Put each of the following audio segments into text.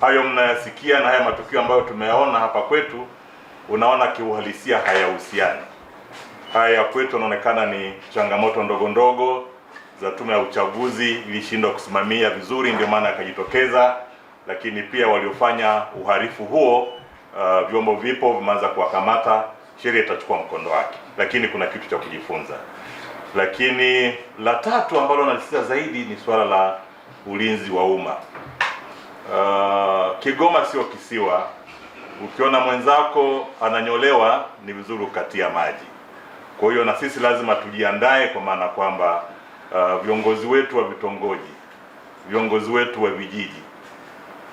Hayo mnayasikia na haya matukio ambayo tumeyaona hapa kwetu, unaona kiuhalisia hayahusiani. Haya ya kwetu yanaonekana ni changamoto ndogo ndogo za tume ya uchaguzi, ilishindwa kusimamia vizuri, ndio maana akajitokeza. Lakini pia waliofanya uhalifu huo, uh, vyombo vipo vimeanza kuwakamata, sheria itachukua mkondo wake, lakini kuna kitu cha kujifunza. Lakini la tatu ambalo nalisisitiza zaidi ni swala la ulinzi wa umma. Uh, Kigoma sio kisiwa. Ukiona mwenzako ananyolewa ni vizuri ukatia maji. Kwa hiyo na sisi lazima tujiandae, kwa maana kwamba uh, viongozi wetu wa vitongoji, viongozi wetu wa vijiji,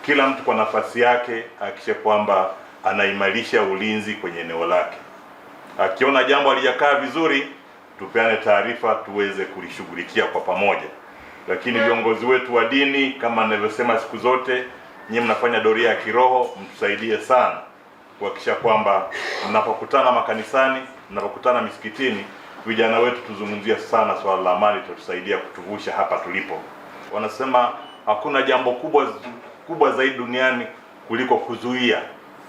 kila mtu kwa nafasi yake ahakikishe kwamba anaimarisha ulinzi kwenye eneo lake. Akiona jambo halijakaa vizuri, tupeane taarifa tuweze kulishughulikia kwa pamoja lakini viongozi wetu wa dini kama nilivyosema siku zote, nyinyi mnafanya doria ya kiroho, mtusaidie sana kuhakikisha kwamba mnapokutana makanisani, mnapokutana misikitini, vijana wetu tuzungumzie sana swala la amani, tutusaidia kutuvusha hapa tulipo. Wanasema hakuna jambo kubwa kubwa zaidi duniani kuliko kuzuia,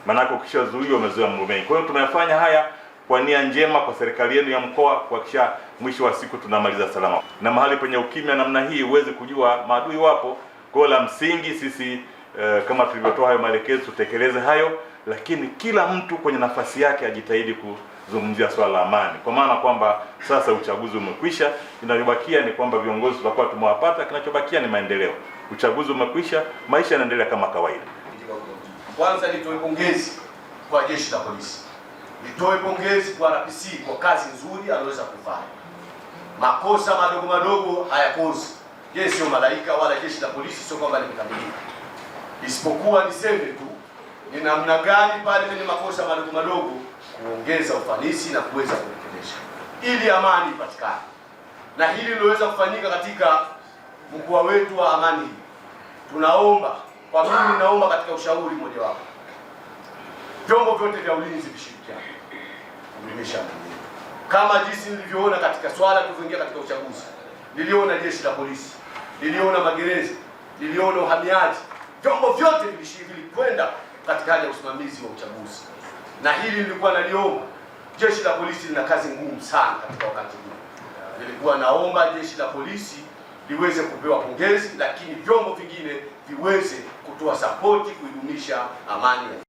maanake ukishazuia umezuia mambo mengi. Kwa hiyo tunayafanya haya kwa nia njema kwa serikali yenu ya mkoa kuhakikisha mwisho wa siku tunamaliza salama, na mahali penye ukimya namna hii huwezi kujua maadui wapo. Kwa la msingi sisi eh, kama tulivyotoa hayo maelekezo tutekeleze hayo, lakini kila mtu kwenye nafasi yake ajitahidi kuzungumzia swala la amani, kwa maana kwamba sasa uchaguzi umekwisha. Kinachobakia ni kwamba viongozi tutakuwa tumewapata, kinachobakia ni maendeleo. Uchaguzi umekwisha, maisha yanaendelea kama kawaida. Kwanza nitoe pongezi kwa jeshi la polisi nitoe pongezi kwa RPC kwa kazi nzuri aliweza kufanya. Makosa madogo madogo hayakosi. Yeye sio malaika wala jeshi la polisi, sio kwamba limekamilika, isipokuwa niseme tu ni namna gani pale kwenye makosa madogo madogo kuongeza ufanisi na kuweza kurekebisha ili amani ipatikane, na hili liliweza kufanyika katika mkoa wetu wa amani. Tunaomba kwa mimi, naomba katika ushauri mmoja wapo vyombo vyote vya ulinzi vishirikiane kudumisha kama jinsi nilivyoona katika swala tulivyoingia katika uchaguzi. Niliona jeshi la polisi, niliona magereza, niliona uhamiaji, vyombo vyote vilikwenda katika hali ya usimamizi wa uchaguzi, na hili nilikuwa naliomba. Jeshi la polisi lina kazi ngumu sana katika wakati huu. Nilikuwa naomba jeshi la polisi liweze kupewa pongezi, lakini vyombo vingine viweze kutoa sapoti kuidumisha amani.